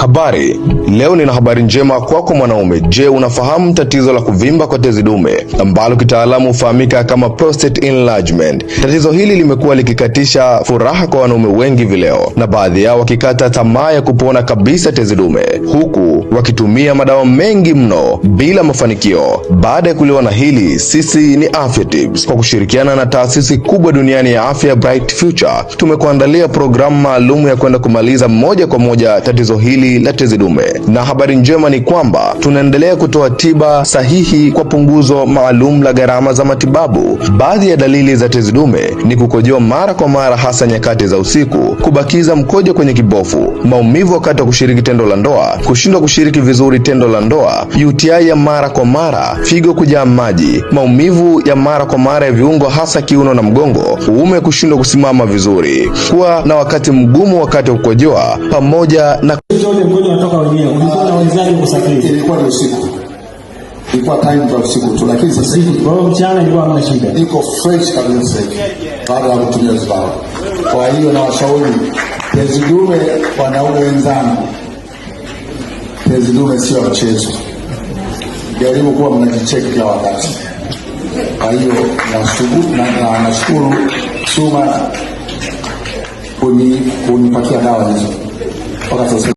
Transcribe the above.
Habari leo, nina habari njema kwako mwanaume. Je, unafahamu tatizo la kuvimba kwa tezi dume ambalo kitaalamu hufahamika kama prostate enlargement? Tatizo hili limekuwa likikatisha furaha kwa wanaume wengi vileo, na baadhi yao wakikata tamaa ya kupona kabisa tezi dume, huku wakitumia madawa mengi mno bila mafanikio. Baada ya kuliwa na hili, sisi ni Afya Tips kwa kushirikiana na taasisi kubwa duniani ya afya Bright Future tumekuandalia programu maalum ya kwenda kumaliza moja kwa moja tatizo hili la tezi dume. Na habari njema ni kwamba tunaendelea kutoa tiba sahihi kwa punguzo maalum la gharama za matibabu. Baadhi ya dalili za tezi dume ni kukojoa mara kwa mara, hasa nyakati za usiku, kubakiza mkojo kwenye kibofu, maumivu wakati wa kushiriki tendo la ndoa, kushindwa kushiriki vizuri tendo la ndoa, UTI ya mara kwa mara, figo kujaa maji, maumivu ya mara kwa mara ya viungo, hasa kiuno na mgongo, uume kushindwa kusimama vizuri, kuwa na wakati mgumu wakati wa kukojoa pamoja na wewe mgonjwa unatoka wenyewe. Ulikuwa na wenzako kusafiri? Ilikuwa ni usiku, ilikuwa time za usiku tu, lakini sasa hivi kwa hiyo mchana ilikuwa hamna shida, iko fresh kabisa sasa hivi baada ya kutumia zibao. Kwa hiyo na washauri tezi dume, wanaume wenzangu, tezi dume sio mchezo, jaribu kuwa mnajicheki kila wakati. Kwa hiyo nashukuru Suma kunipatia dawa hizo mpaka sasa.